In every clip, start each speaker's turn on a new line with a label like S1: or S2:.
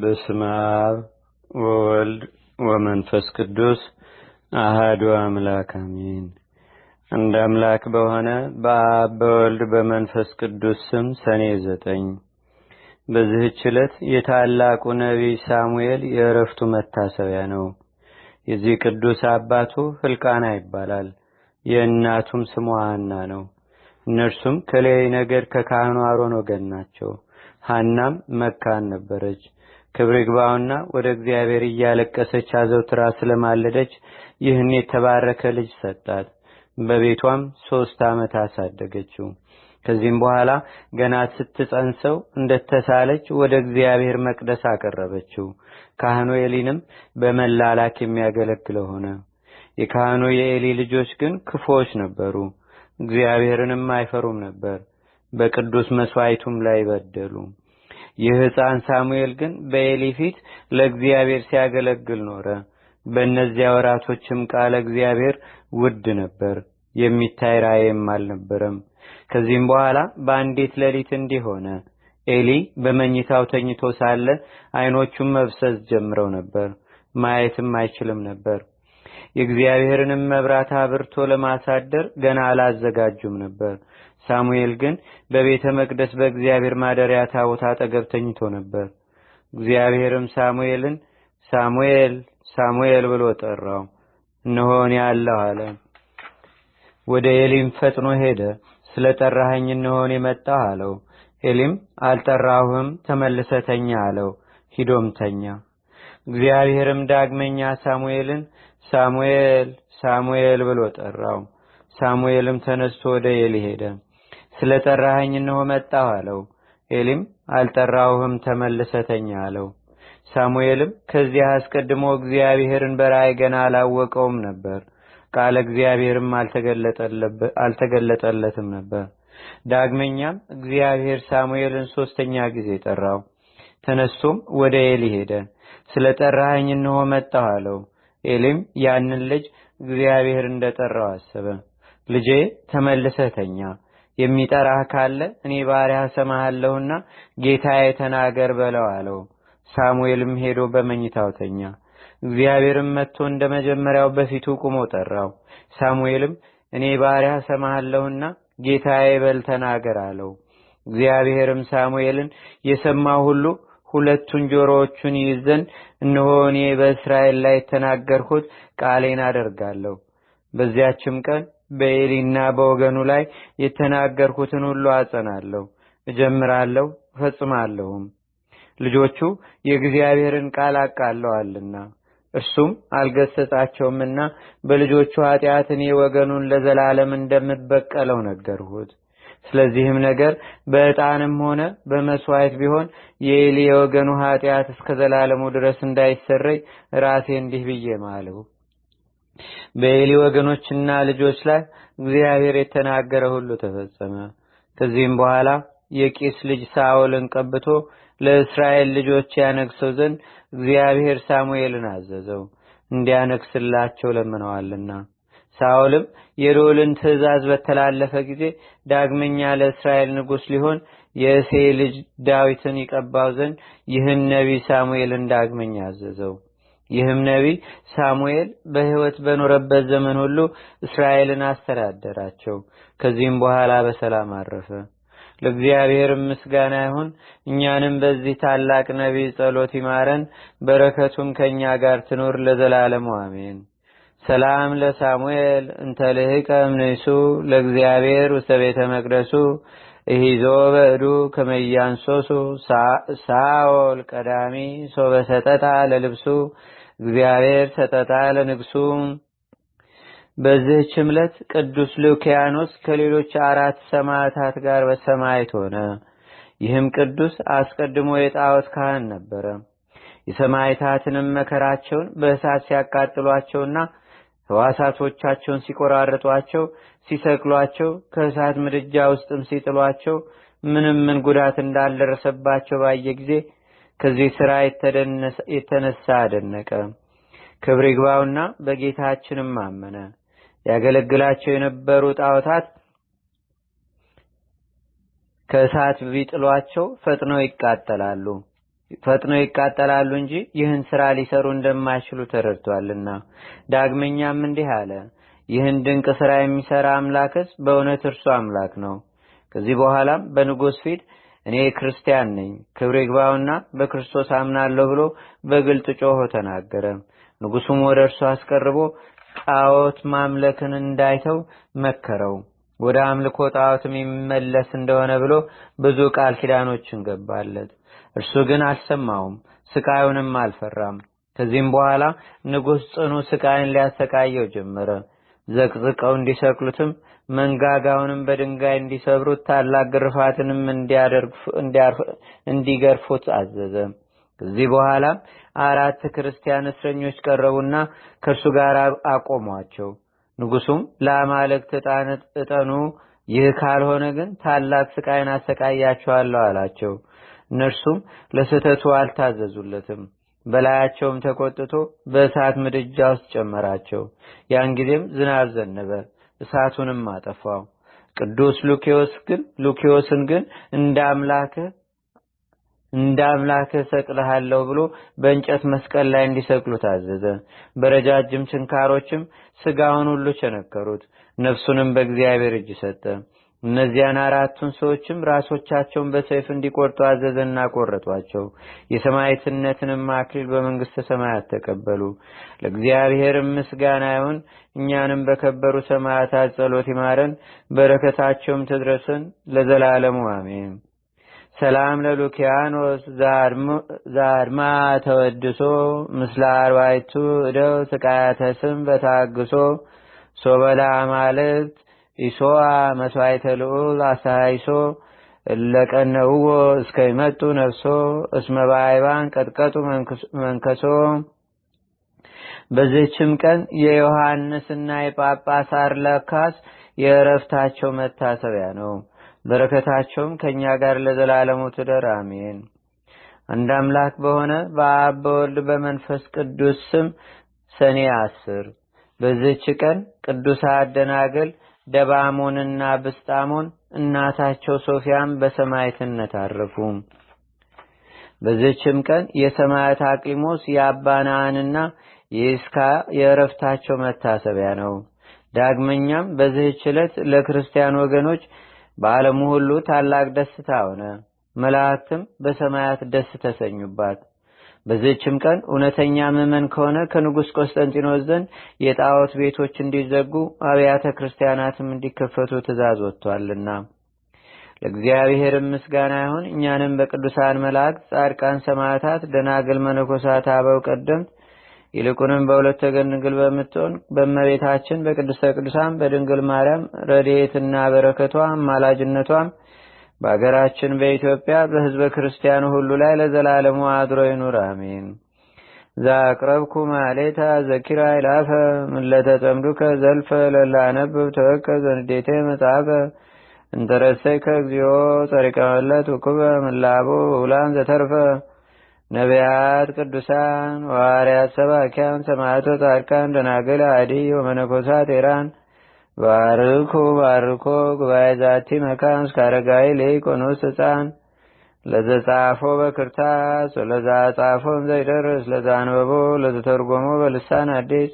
S1: በስመ አብ ወወልድ ወመንፈስ ቅዱስ አህዱ አምላክ አሜን። እንደ አምላክ በሆነ በአብ በወልድ በመንፈስ ቅዱስ ስም ሰኔ ዘጠኝ በዚህች ዕለት የታላቁ ነቢይ ሳሙኤል የእረፍቱ መታሰቢያ ነው። የዚህ ቅዱስ አባቱ ፍልቃና ይባላል። የእናቱም ስሙ ሃና ነው። እነርሱም ከሌይ ነገድ ከካህኑ አሮን ወገን ናቸው። ሃናም መካን ነበረች። ክብር ይግባውና ወደ እግዚአብሔር እያለቀሰች አዘውትራ ስለማለደች ይህን የተባረከ ልጅ ሰጣት። በቤቷም ሶስት ዓመት አሳደገችው። ከዚህም በኋላ ገና ስትጸንሰው እንደተሳለች ወደ እግዚአብሔር መቅደስ አቀረበችው። ካህኑ ኤሊንም በመላላክ የሚያገለግለ ሆነ። የካህኑ የኤሊ ልጆች ግን ክፉዎች ነበሩ፣ እግዚአብሔርንም አይፈሩም ነበር። በቅዱስ መስዋዕቱም ላይ በደሉ። ይህ ሕፃን ሳሙኤል ግን በኤሊ ፊት ለእግዚአብሔር ሲያገለግል ኖረ። በእነዚያ ወራቶችም ቃለ እግዚአብሔር ውድ ነበር፣ የሚታይ ራእይም አልነበረም። ከዚህም በኋላ በአንዲት ሌሊት እንዲህ ሆነ። ኤሊ በመኝታው ተኝቶ ሳለ ዓይኖቹም መብሰስ ጀምረው ነበር፣ ማየትም አይችልም ነበር። የእግዚአብሔርንም መብራት አብርቶ ለማሳደር ገና አላዘጋጁም ነበር። ሳሙኤል ግን በቤተ መቅደስ በእግዚአብሔር ማደሪያ ታቦት አጠገብ ተኝቶ ነበር። እግዚአብሔርም ሳሙኤልን ሳሙኤል ሳሙኤል ብሎ ጠራው። እነሆ እኔ አለሁ አለ። ወደ ኤሊም ፈጥኖ ሄደ። ስለ ጠራኸኝ እነሆ እኔ መጣሁ አለው። ኤሊም አልጠራሁህም፣ ተመልሰተኛ ተኛ አለው። ሂዶም ተኛ። እግዚአብሔርም ዳግመኛ ሳሙኤልን ሳሙኤል ሳሙኤል ብሎ ጠራው። ሳሙኤልም ተነስቶ ወደ ኤሊ ሄደ። ስለ ጠራኸኝ እንሆ መጣሁ አለው። ኤሊም አልጠራውህም ተመልሰተኛ አለው። ሳሙኤልም ከዚያ አስቀድሞ እግዚአብሔርን በራእይ ገና አላወቀውም ነበር፣ ቃለ እግዚአብሔርም አልተገለጠለትም ነበር። ዳግመኛም እግዚአብሔር ሳሙኤልን ሶስተኛ ጊዜ ጠራው። ተነስቶም ወደ ኤሊ ሄደ። ስለ ጠራኸኝ እንሆ መጣሁ አለው። ኤሊም ያንን ልጅ እግዚአብሔር እንደጠራው አሰበ። ልጄ ተመልሰህ ተኛ፣ የሚጠራህ ካለ እኔ ባሪያህ እሰማሃለሁና ጌታዬ ተናገር በለው አለው። ሳሙኤልም ሄዶ በመኝታው ተኛ። እግዚአብሔርም መጥቶ እንደ መጀመሪያው በፊቱ ቁሞ ጠራው። ሳሙኤልም እኔ ባሪያህ እሰማሃለሁና ጌታዬ በል ተናገር አለው። እግዚአብሔርም ሳሙኤልን የሰማው ሁሉ ሁለቱን ጆሮዎቹን ይይዝ ዘንድ እነሆ እኔ በእስራኤል ላይ የተናገርሁት ቃሌን አደርጋለሁ። በዚያችም ቀን በኤሊና በወገኑ ላይ የተናገርሁትን ሁሉ አጸናለሁ፣ እጀምራለሁ፣ እፈጽማለሁም። ልጆቹ የእግዚአብሔርን ቃል አቃለዋልና እርሱም አልገሰጻቸውምና በልጆቹ ኃጢአት እኔ ወገኑን ለዘላለም እንደምበቀለው ነገርሁት። ስለዚህም ነገር በዕጣንም ሆነ በመስዋዕት ቢሆን የኤሊ የወገኑ ኃጢአት እስከ ዘላለሙ ድረስ እንዳይሰረይ ራሴ እንዲህ ብዬ ማለው በኤሊ ወገኖችና ልጆች ላይ እግዚአብሔር የተናገረ ሁሉ ተፈጸመ። ከዚህም በኋላ የቂስ ልጅ ሳኦልን ቀብቶ ለእስራኤል ልጆች ያነግሰው ዘንድ እግዚአብሔር ሳሙኤልን አዘዘው፣ እንዲያነግስላቸው ለምነዋልና። ሳኦልም የሮልን ትእዛዝ በተላለፈ ጊዜ ዳግመኛ ለእስራኤል ንጉሥ ሊሆን የእሴ ልጅ ዳዊትን ይቀባው ዘንድ ይህን ነቢ ሳሙኤልን ዳግመኛ አዘዘው። ይህም ነቢ ሳሙኤል በሕይወት በኖረበት ዘመን ሁሉ እስራኤልን አስተዳደራቸው። ከዚህም በኋላ በሰላም አረፈ። ለእግዚአብሔር ምስጋና ይሁን። እኛንም በዚህ ታላቅ ነቢይ ጸሎት ይማረን፣ በረከቱም ከእኛ ጋር ትኑር ለዘላለሙ አሜን። ሰላም ለሳሙኤል እንተ ልህቀ እምንሱ ለእግዚአብሔር ውስተ ቤተ መቅደሱ እሂዞ በእዱ ከመያንሶሱ ሳኦል ቀዳሚ ሶበ ሰጠጣ ለልብሱ እግዚአብሔር ሰጠጣ ለንግሱ። በዚህች ዕለት ቅዱስ ሉኪያኖስ ከሌሎች አራት ሰማዕታት ጋር በሰማይት ሆነ። ይህም ቅዱስ አስቀድሞ የጣዖት ካህን ነበረ። የሰማይታትንም መከራቸውን በእሳት ሲያቃጥሏቸውና ሕዋሳቶቻቸውን ሲቆራርጧቸው፣ ሲሰቅሏቸው፣ ከእሳት ምድጃ ውስጥም ሲጥሏቸው ምንም ምን ጉዳት እንዳልደረሰባቸው ባየ ጊዜ ከዚህ ሥራ የተነሳ አደነቀ። ክብር ይግባውና በጌታችንም አመነ። ያገለግላቸው የነበሩ ጣዖታት ከእሳት ቢጥሏቸው ፈጥነው ይቃጠላሉ። ፈጥነው ይቃጠላሉ እንጂ ይህን ሥራ ሊሰሩ እንደማይችሉ ተረድቷልና። ዳግመኛም እንዲህ አለ፣ ይህን ድንቅ ሥራ የሚሠራ አምላክስ በእውነት እርሱ አምላክ ነው። ከዚህ በኋላም በንጉሥ ፊት እኔ ክርስቲያን ነኝ፣ ክብር ይግባውና በክርስቶስ አምናለሁ ብሎ በግልጥ ጮሆ ተናገረ። ንጉሡም ወደ እርሱ አስቀርቦ ጣዖት ማምለክን እንዳይተው መከረው። ወደ አምልኮ ጣዖትም የሚመለስ እንደሆነ ብሎ ብዙ ቃል ኪዳኖችን ገባለት። እርሱ ግን አልሰማውም፣ ስቃዩንም አልፈራም። ከዚህም በኋላ ንጉሥ ጽኑ ስቃይን ሊያሰቃየው ጀመረ። ዘቅዝቀው እንዲሰቅሉትም መንጋጋውንም በድንጋይ እንዲሰብሩት ታላቅ ግርፋትንም እንዲገርፉት አዘዘ። ከዚህ በኋላ አራት ክርስቲያን እስረኞች ቀረቡና ከእርሱ ጋር አቆሟቸው። ንጉሱም ለአማልክት እጠኑ፣ ይህ ካልሆነ ግን ታላቅ ስቃይን አሰቃያቸዋለሁ አላቸው። እነርሱም ለስህተቱ አልታዘዙለትም። በላያቸውም ተቆጥቶ በእሳት ምድጃ ውስጥ ጨመራቸው። ያን ጊዜም ዝናብ ዘነበ፣ እሳቱንም አጠፋው። ቅዱስ ሉኪዮስ ግን ሉኪዮስን ግን እንደ አምላክህ እንደ ብሎ በእንጨት መስቀል ላይ እንዲሰቅሉ ታዘዘ። በረጃጅም ችንካሮችም ስጋውን ሁሉ ቸነከሩት፣ ነፍሱንም በእግዚአብሔር እጅ ሰጠ። እነዚያን አራቱን ሰዎችም ራሶቻቸውን በሰይፍ እንዲቆርጡ አዘዘና ቆረጧቸው። የሰማይትነትንም አክሊል በመንግሥተ ሰማያት ተቀበሉ። ለእግዚአብሔር ምስጋና ይሁን። እኛንም በከበሩ ሰማዕታት ጸሎት ይማረን፣ በረከታቸውም ትድረስን ለዘላለሙ አሜን። ሰላም ለሉኪያኖስ ዛድማ ተወድሶ ምስለ አርባይቱ እደው ስቃያተስም በታግሶ ሶበላ ማለት ይሶዋ መስዋዕተ ልዑል አስተሃይሶ ለቀነውዎ እስከይመጡ ነፍሶ እስመ ባይባን ቀጥቀጡ መንከሶ። በዚህችም ቀን የዮሐንስና የጳጳስ አርለካስ የእረፍታቸው መታሰቢያ ነው። በረከታቸውም ከእኛ ጋር ለዘላለሙ ትደር አሜን። አንድ አምላክ በሆነ በአብ በወልድ በመንፈስ ቅዱስ ስም ሰኔ አስር በዚህች ቀን ቅዱስ አደናገል። ደባሞንና ብስጣሞን እናታቸው ሶፊያን በሰማይትነት አረፉ። በዚችም ቀን የሰማያት አቅሊሞስ የአባናንና የኢስካ የእረፍታቸው መታሰቢያ ነው። ዳግመኛም በዚህች ዕለት ለክርስቲያን ወገኖች በዓለሙ ሁሉ ታላቅ ደስታ ሆነ። መላእክትም በሰማያት ደስ ተሰኙባት። በዚህችም ቀን እውነተኛ ምመን ከሆነ ከንጉሥ ቆስጠንጢኖስ ዘንድ የጣዖት ቤቶች እንዲዘጉ አብያተ ክርስቲያናትም እንዲከፈቱ ትእዛዝ ወጥቷልና ለእግዚአብሔርም ምስጋና ይሁን። እኛንም በቅዱሳን መላእክት፣ ጻድቃን፣ ሰማዕታት፣ ደናግል፣ መነኮሳት፣ አበው ቀደምት ይልቁንም በሁለት ወገን ድንግል በምትሆን በእመቤታችን በቅድስተ ቅዱሳን በድንግል ማርያም ረድኤትና በረከቷ አማላጅነቷም በአገራችን በኢትዮጵያ በሕዝበ ክርስቲያኑ ሁሉ ላይ ለዘላለሙ አድሮ ይኑር፣ አሜን። ዛቅረብኩ ማሌታ ዘኪራ ይላፈ ምለተጠምዱከ ዘልፈ ለላነብብ ተወከ ዘንዴቴ መጽሐፈ እንተረሰይከ እግዚኦ ጸሪቀመለት ውኩበ ምላቡ ውላን ዘተርፈ ነቢያት ቅዱሳን ዋርያት ሰባኪያን ሰማዕቶ ጻድቃን ደናግል አዲ ወመነኮሳት ኤራን ባርኩ ባርኮ ጉባኤ ዛቲ መካን እስካረጋይ ለይቆኖስ ህፃን ለዘጻፎ በክርታስ ወለዛ ጻፎም ዘይደርስ ለዛ አንበቦ ለዘተርጎሞ በልሳን አዲስ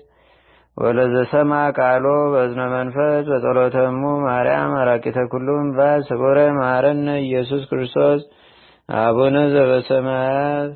S1: ወለዘሰማ ቃሎ በዝነ መንፈስ በጸሎተሙ ማርያም አራቂተ ኩሉም ባስ ቦረ ማረነ ኢየሱስ ክርስቶስ አቡነ ዘበሰማያት